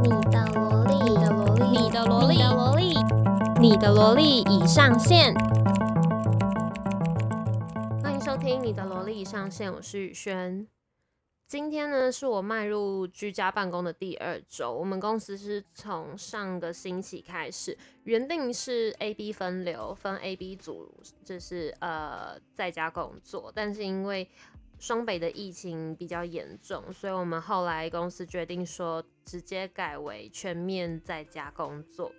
你的蘿莉，你的蘿莉，你的蘿莉，你的蘿莉，你的蘿莉已上線。歡迎收聽你的蘿莉已上線，我是雨瑄。今天呢，是我邁入居家辦公的第二周。我們公司是從上個星期開始，原定是 A B 分流，分 A B 組，就是呃在家工作，但是因為雙北的疫情比較嚴重，所以我們後來公司決定說，直接改為全面在家工作。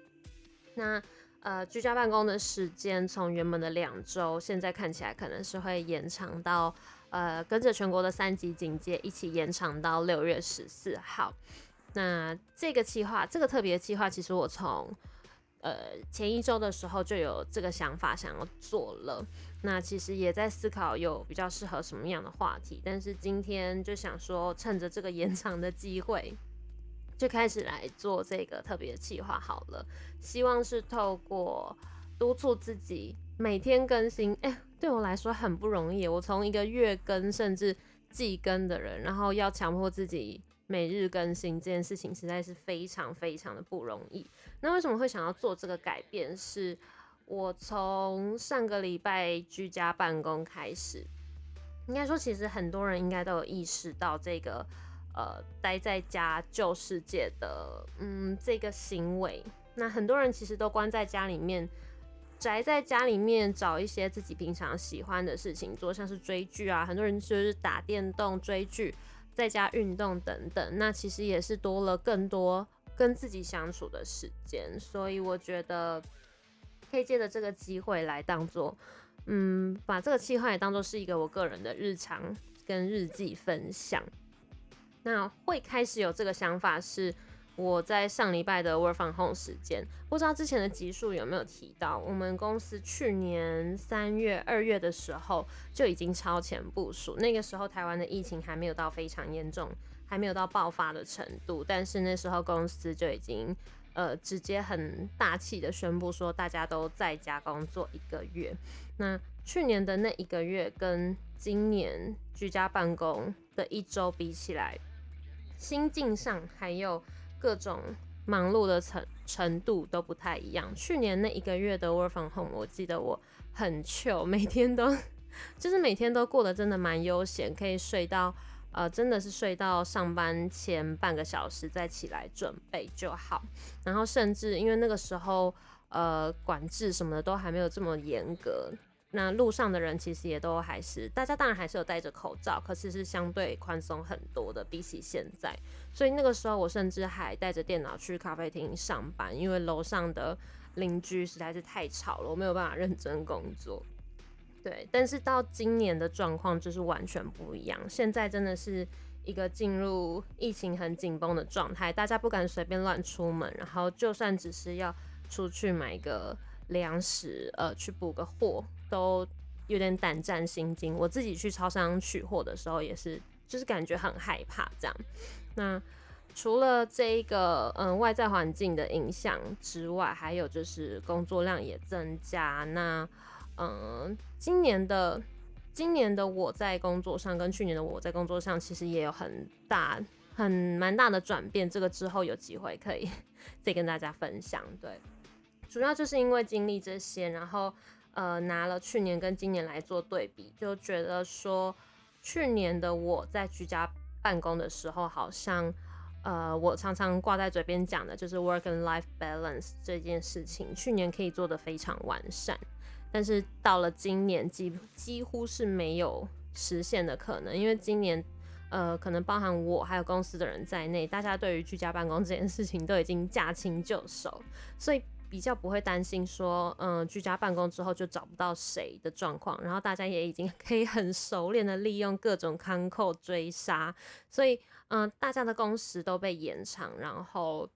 那呃，居家辦公的時間從原本的兩周，現在看起來可能是會延長到呃，跟着全國的三級警戒一起延長到六月十四號。那這個企劃，這個特別的企劃，其實我從呃，前一週的時候就有這個想法，想要做了。那其實也在思考有比較適合什麼樣的話題，但是今天就想說，趁着這個延長的機會，就開始來做這個特別的計劃好了。希望是透過督促自己每天更新，誒、欸，對我來說很不容易。我從一個月更甚至季更的人，然後要強迫自己。每日更新這件事情實在是非常非常的不容易。那為什麼會想要做這個改變？是我從上個禮拜居家辦公開始，應該說其實很多人應該都有意識到這個呃待在家救世界的嗯這個行為。那很多人其實都關在家裡面，宅在家裡面，找一些自己平常喜歡的事情做，像是追劇啊，很多人就是打電動追劇。在家運動等等，那其實也是多了更多跟自己相處的時間，所以我覺得可以借着這個機會來當做，嗯，把這個企劃也當做是一個我個人的日常跟日記分享。那會開始有這個想法是。我在上禮拜的 Work from Home 時間，不知道之前的集數有沒有提到，我們公司去年三月、二月的時候就已經超前部署。那個時候台灣的疫情還沒有到非常嚴重，還沒有到爆發的程度，但是那時候公司就已經呃直接很大氣的宣布說，大家都在家工作一個月。那去年的那一個月跟今年居家辦公的一週比起來，心境上還有。各種忙碌的程程度都不太一樣。去年那一個月的 Work from Home，我記得我很 chill，每天都就是每天都過得真的蠻悠閒，可以睡到呃，真的是睡到上班前半個小時再起來準備就好。然後甚至因為那個時候呃管制什麼的都還沒有這麼嚴格。那路上的人其實也都還是，大家當然還是有戴着口罩，可是是相對寬鬆很多的，比起現在。所以那個時候我甚至還帶着電腦去咖啡廳上班，因為樓上的鄰居實在是太吵了，我沒有辦法認真工作。對，但是到今年的狀況就是完全不一樣。現在真的是一個進入疫情很緊繃的狀態，大家不敢隨便亂出門，然後就算只是要出去買個糧食，呃，去補個貨。都有點膽戰心驚。我自己去超商取貨的時候，也是就是感覺很害怕這樣。那除了這一個嗯、呃、外在環境的影響之外，還有就是工作量也增加。那嗯、呃，今年的今年的我在工作上，跟去年的我在工作上，其實也有很大很蠻大的轉變。這個之後有機會可以 再跟大家分享。對，主要就是因為經歷這些，然後。呃，拿了去年跟今年來做對比，就覺得說，去年的我在居家辦公的時候，好像，呃，我常常掛在嘴邊講的就是 work and life balance 這件事情，去年可以做得非常完善，但是到了今年，幾幾乎是沒有實現的可能，因為今年，呃，可能包含我還有公司的人在內，大家對於居家辦公這件事情都已經駕輕就熟，所以。比較不會擔心說，嗯、呃，居家辦公之後就找不到誰的狀況，然後大家也已經可以很熟練的利用各種看扣追殺，所以，嗯、呃，大家的工時都被延長，然後，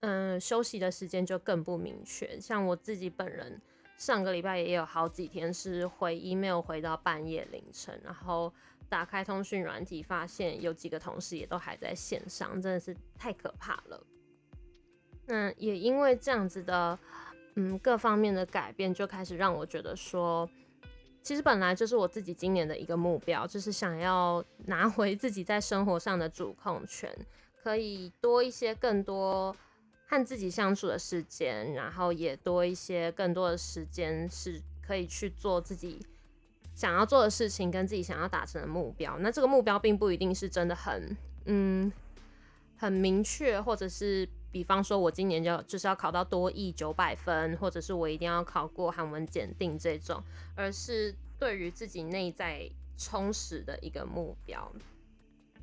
嗯、呃，休息的時間就更不明確。像我自己本人，上個禮拜也有好幾天是回 Email 回到半夜凌晨，然後打開通訊軟體，發現有幾個同事也都還在線上，真的是太可怕了。那也因為這樣子的，嗯，各方面的改變，就開始讓我覺得說，其實本來就是我自己今年的一個目標，就是想要拿回自己在生活上的主控權，可以多一些更多和自己相處的時間，然後也多一些更多的時間是可以去做自己想要做的事情，跟自己想要達成的目標。那這個目標並不一定是真的很，嗯，很明確，或者是。比方說，我今年就就是要考到多益九百分，或者是我一定要考過韓文檢定這種，而是對於自己內在充實的一個目標。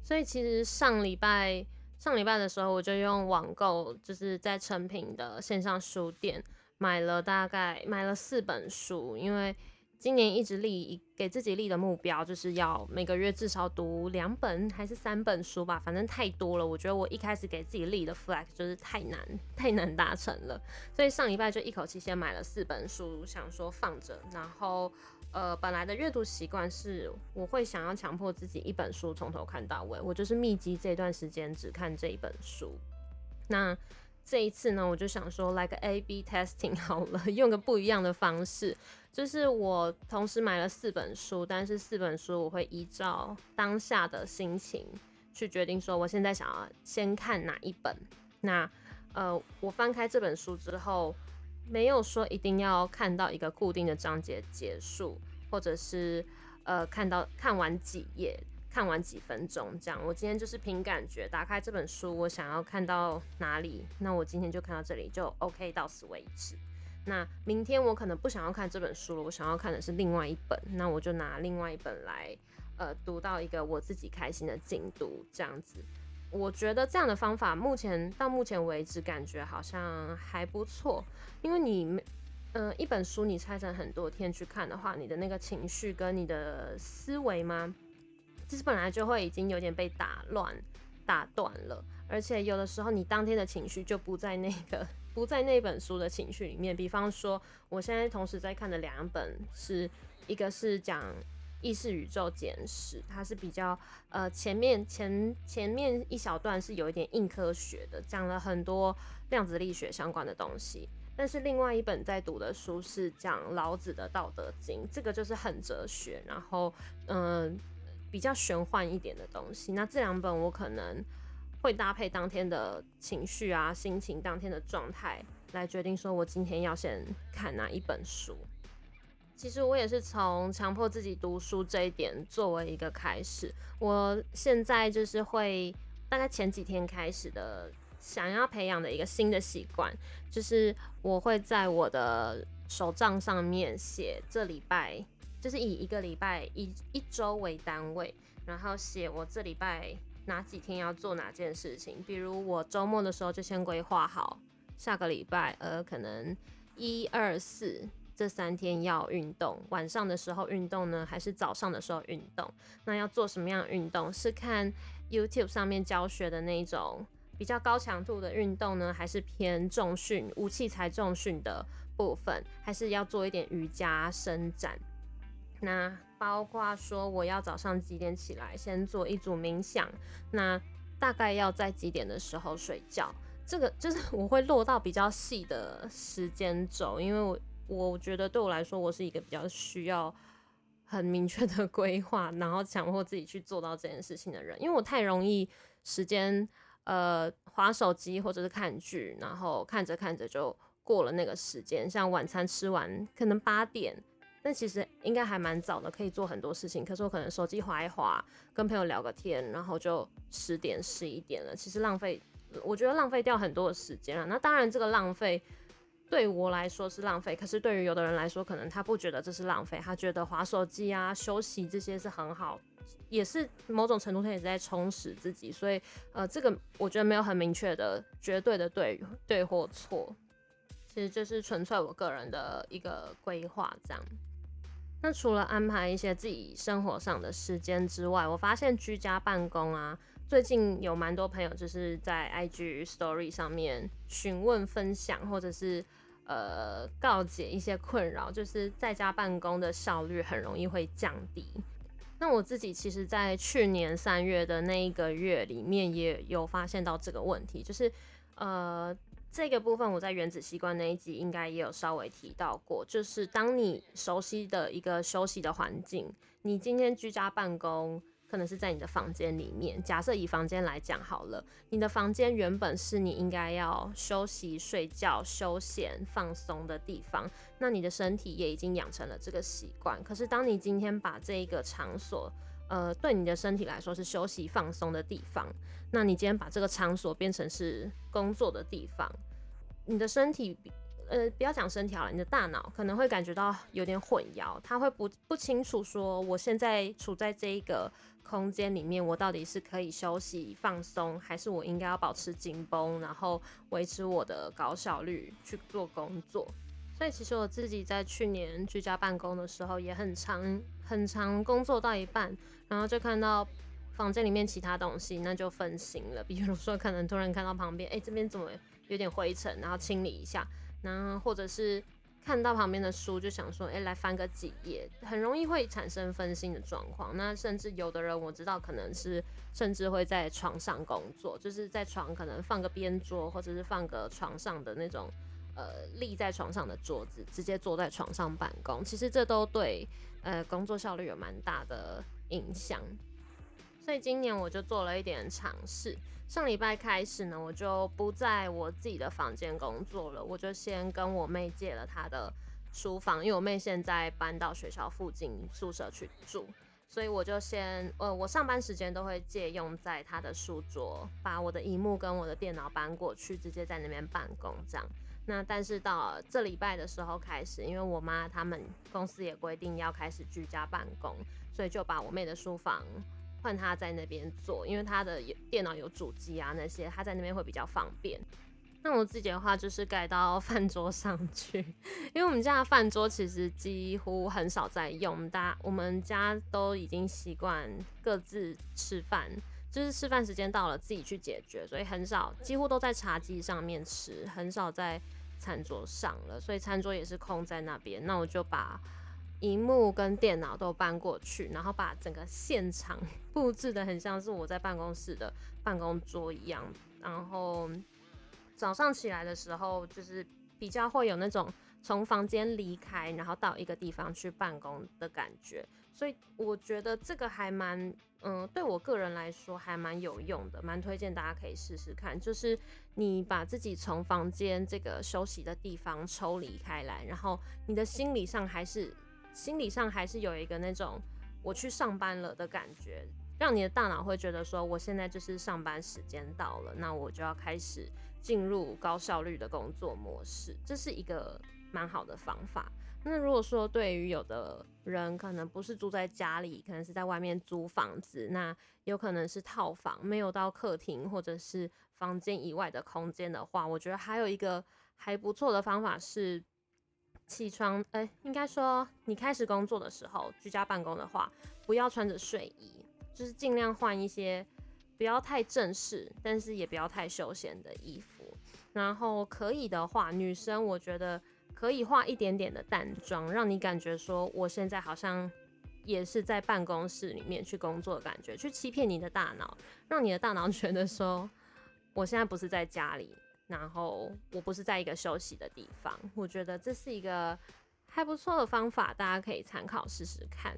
所以，其實上禮拜上禮拜的時候，我就用網購，就是在誠品的線上書店買了大概買了四本書，因為。今年一直立，給自己立的目標，就是要每個月至少讀兩本還是三本書吧，反正太多了。我覺得我一開始給自己立的 flag 就是太難，太難達成了，所以上禮拜就一口氣先買了四本書，想說放着。然後呃，本來的閱讀習慣是我會想要強迫自己一本書從頭看到尾，我就是密集這段時間只看這一本書。那這一次呢，我就想說，來個 A/B testing 好了，用個不一樣的方式。就是我同時買了四本書，但是四本書我會依照當下的心情去決定說我現在想要先看哪一本。那呃，我翻開這本書之後，沒有說一定要看到一個固定的章節結束，或者是，呃，看到，看完幾頁。看完幾分鐘這樣，我今天就是憑感覺打開這本書，我想要看到哪裡，那我今天就看到這裡就 OK，到此為止。那明天我可能不想要看這本書了，我想要看的是另外一本，那我就拿另外一本來，呃，讀到一個我自己開心的進度這樣子。我覺得這樣的方法目前到目前為止感覺好像還不錯，因為你，呃，一本書你拆成很多天去看的話，你的那個情緒跟你的思維嗎？其實本來就會已經有點被打亂、打斷了，而且有的時候你當天的情緒就不在那個、不在那本書的情緒裡面。比方說，我現在同時在看的兩本是一個是講《意識宇宙簡史》，它是比較呃前面前前面一小段是有一點硬科學的，講了很多量子力學相關的東西；但是另外一本在讀的書是講老子的《道德經》，這個就是很哲學。然後，嗯、呃。比較玄幻一點的東西，那這兩本我可能會搭配當天的情緒啊、心情、當天的狀態來決定，說我今天要先看哪一本書。其實我也是從強迫自己讀書這一點作為一個開始，我現在就是會大概前幾天開始的，想要培養的一個新的習慣，就是我會在我的手賬上面寫這禮拜。就是以一個禮拜、以一週為單位，然後寫我這禮拜哪幾天要做哪件事情。比如我周末的時候就先規劃好下個禮拜，呃，可能一二四這三天要運動，晚上的時候運動呢，還是早上的時候運動？那要做什麼樣的運動？是看 YouTube 上面教學的那種比較高強度的運動呢，還是偏重訓、無器材重訓的部分？還是要做一點瑜伽伸展？那包括說我要早上幾點起來，先做一組冥想。那大概要在幾點的時候睡覺？這個就是我會落到比較細的時間軸，因為我我覺得對我來說，我是一個比較需要很明確的規劃，然後強迫自己去做到這件事情的人。因為我太容易時間呃滑手機或者是看劇，然後看着看着就過了那個時間。像晚餐吃完，可能八點。那其實應該還蠻早的，可以做很多事情。可是我可能手機滑一滑，跟朋友聊個天，然後就十點、十一點了。其實浪費，我覺得浪費掉很多的時間了。那當然，這個浪費對我來說是浪費，可是對於有的人來說，可能他不覺得這是浪費，他覺得滑手機啊、休息這些是很好，也是某種程度上也是在充實自己。所以，呃，這個我覺得沒有很明確的絕對的對對或錯，其實就是純粹我個人的一個規劃這樣。那除了安排一些自己生活上的時間之外，我發現居家辦公啊，最近有蠻多朋友就是在 IG Story 上面詢問、分享，或者是呃告解一些困擾，就是在家辦公的效率很容易會降低。那我自己其實，在去年三月的那一個月裡面，也有發現到這個問題，就是呃。這個部分我在原子習慣那一集應該也有稍微提到過，就是當你熟悉的一個休息的環境，你今天居家辦公，可能是在你的房間裡面。假設以房間來講好了，你的房間原本是你應該要休息、睡覺、休閒、放鬆的地方，那你的身體也已經養成了這個習慣。可是當你今天把這一個場所，呃，對你的身體來說是休息放鬆的地方，那你今天把這個場所變成是工作的地方，你的身體，呃，不要講身體好了，你的大腦可能會感覺到有點混淆，它會不不清楚說我現在處在這一個空間裡面，我到底是可以休息放鬆，還是我應該要保持緊繃，然後維持我的高效率去做工作。所以其實我自己在去年居家辦公的時候，也很常、很常工作到一半，然後就看到房間裡面其他東西，那就分心了。比如說，可能突然看到旁邊，哎、欸，這邊怎麼有點灰塵，然後清理一下。然後或者是看到旁邊的書，就想說，哎、欸，來翻個幾頁，很容易會產生分心的狀況。那甚至有的人，我知道可能是甚至會在床上工作，就是在床可能放個邊桌，或者是放個床上的那種。呃，立在床上的桌子，直接坐在床上辦公，其實這都對呃工作效率有蠻大的影響。所以今年我就做了一點嘗試，上禮拜開始呢，我就不在我自己的房間工作了，我就先跟我妹借了她的書房，因為我妹現在搬到學校附近宿舍去住，所以我就先呃，我上班時間都會借用在她的書桌，把我的熒幕跟我的電腦搬過去，直接在那邊辦公這樣。那但是到這禮拜的時候開始，因為我媽他們公司也規定要開始居家辦公，所以就把我妹的書房換她在那邊做，因為她的電腦有主機啊那些，她在那邊會比較方便。那我自己的話就是改到飯桌上去，因為我們家的飯桌其實幾乎很少在用，但我們家都已經習慣各自吃飯。就是吃飯時間到了，自己去解決，所以很少，幾乎都在茶幾上面吃，很少在餐桌上了，所以餐桌也是空在那邊。那我就把熒幕跟電腦都搬過去，然後把整個現場布置得很像是我在辦公室的辦公桌一樣。然後早上起來的時候，就是比較會有那種從房間離開，然後到一個地方去辦公的感覺。所以我覺得這個還蠻，嗯，對我個人來說還蠻有用的，蠻推薦大家可以試試看，就是你把自己從房間這個休息的地方抽離開來，然後你的心理上還是心理上還是有一個那種我去上班了的感覺，讓你的大腦會覺得說我現在就是上班時間到了，那我就要開始進入高效率的工作模式，這是一個蠻好的方法。那如果說對於有的人可能不是住在家裡，可能是在外面租房子，那有可能是套房，沒有到客廳或者是房間以外的空間的話，我覺得還有一個還不錯的方法是起床，哎、欸，應該說你開始工作的時候，居家辦公的話，不要穿着睡衣，就是盡量換一些不要太正式，但是也不要太休閒的衣服，然後可以的話，女生我覺得。可以化一點點的淡妝，讓你感覺說我現在好像也是在辦公室裡面去工作的感覺，去欺騙你的大腦，讓你的大腦覺得說我現在不是在家裡，然後我不是在一個休息的地方。我覺得這是一個還不錯的方法，大家可以參考試試看。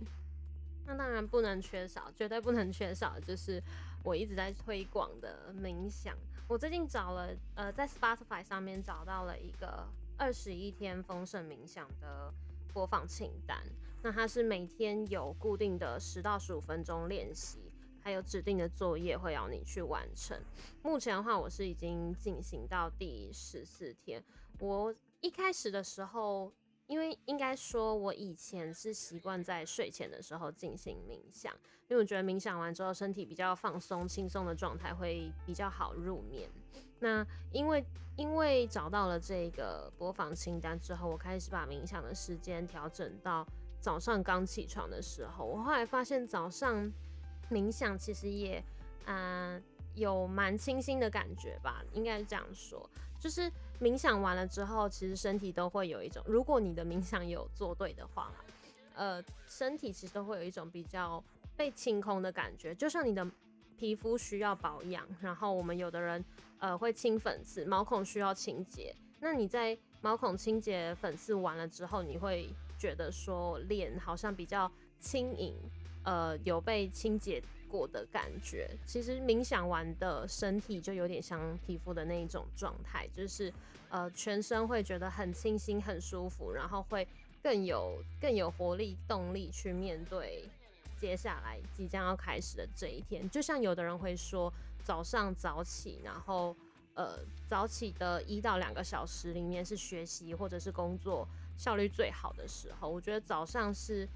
那當然不能缺少，絕對不能缺少的就是我一直在推廣的冥想。我最近找了呃，在 Spotify 上面找到了一個。二十一天豐盛冥想的播放清單，那它是每天有固定的十到十五分鐘練習，還有指定的作業會要你去完成。目前的話，我是已經進行到第十四天。我一開始的時候。因為應該說，我以前是習慣在睡前的時候進行冥想，因為我覺得冥想完之後身體比較放鬆，輕鬆的狀態會比較好入眠。那因為因為找到了這個播放清單之後，我開始把冥想的時間調整到早上剛起床的時候。我後來發現早上冥想其實也，嗯、呃，有蠻清新的感覺吧，應該是這樣說，就是。冥想完了之後，其實身體都會有一種，如果你的冥想有做對的話嘛，呃，身體其實都會有一種比較被清空的感覺，就像你的皮膚需要保養，然後我們有的人呃會清粉刺，毛孔需要清潔，那你在毛孔清潔粉刺完了之後，你會覺得說臉好像比較輕盈，呃，有被清潔。過的感覺，其實冥想完的身體就有點像皮膚的那一種狀態，就是呃全身會覺得很清新、很舒服，然後會更有更有活力、動力去面對接下來即將要開始的這一天。就像有的人會說，早上早起，然後呃早起的一到兩個小時裡面是學習或者是工作效率最好的時候。我覺得早上是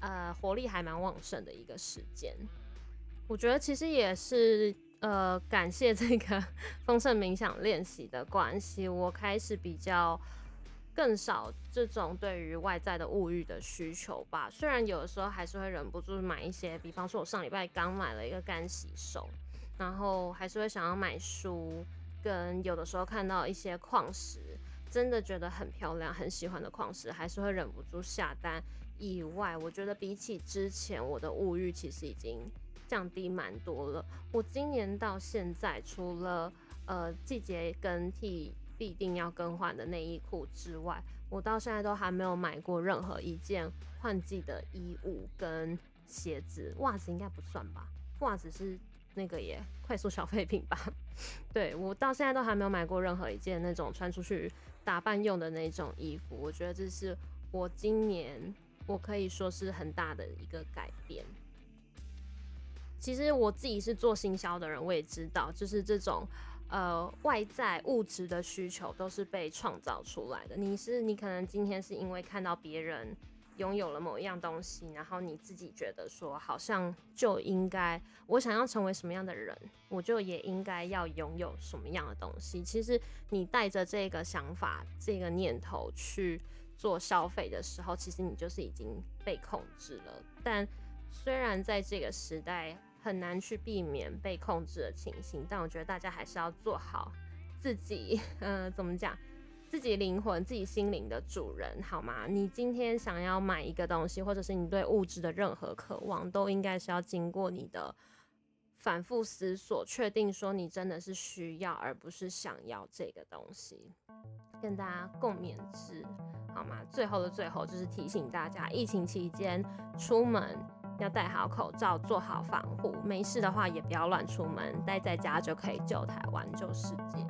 呃活力還蠻旺盛的一個時間。我覺得其實也是，呃，感謝這個豐 盛冥想練習的關係，我開始比較更少這種對於外在的物欲的需求吧。雖然有的時候還是會忍不住買一些，比方說我上禮拜剛買了一個乾洗手，然後還是會想要買書，跟有的時候看到一些礦石，真的覺得很漂亮、很喜歡的礦石，還是會忍不住下單。以外，我覺得比起之前，我的物欲其實已經，降低蠻多了。我今年到現在，除了呃季節更替必定要更換的內衣褲之外，我到現在都還沒有買過任何一件換季的衣物跟鞋子，襪子應該不算吧？襪子是那個也快速消費品吧？對，我到現在都還沒有買過任何一件那種穿出去打扮用的那種衣服。我覺得這是我今年我可以說是很大的一個改變。其實我自己是做行銷的人，我也知道，就是這種呃外在物質的需求都是被創造出來的。你是你可能今天是因為看到別人擁有了某一樣東西，然後你自己覺得說好像就應該，我想要成為什麼樣的人，我就也應該要擁有什麼樣的東西。其實你帶着這個想法、這個念頭去做消費的時候，其實你就是已經被控制了。但雖然在這個時代，很難去避免被控制的情形，但我覺得大家還是要做好自己，嗯、呃，怎麼講，自己靈魂、自己心靈的主人，好嗎？你今天想要買一個東西，或者是你對物質的任何渴望，都應該是要經過你的反復思索，確定說你真的是需要，而不是想要這個東西。跟大家共勉之，好嗎？最後的最後，就是提醒大家，疫情期間出門，要戴好口罩，做好防護。沒事的話，也不要亂出門，待在家就可以救台灣、救世界。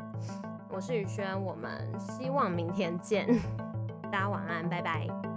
我是雨瑄，我們希望明天見，大家晚安，拜拜。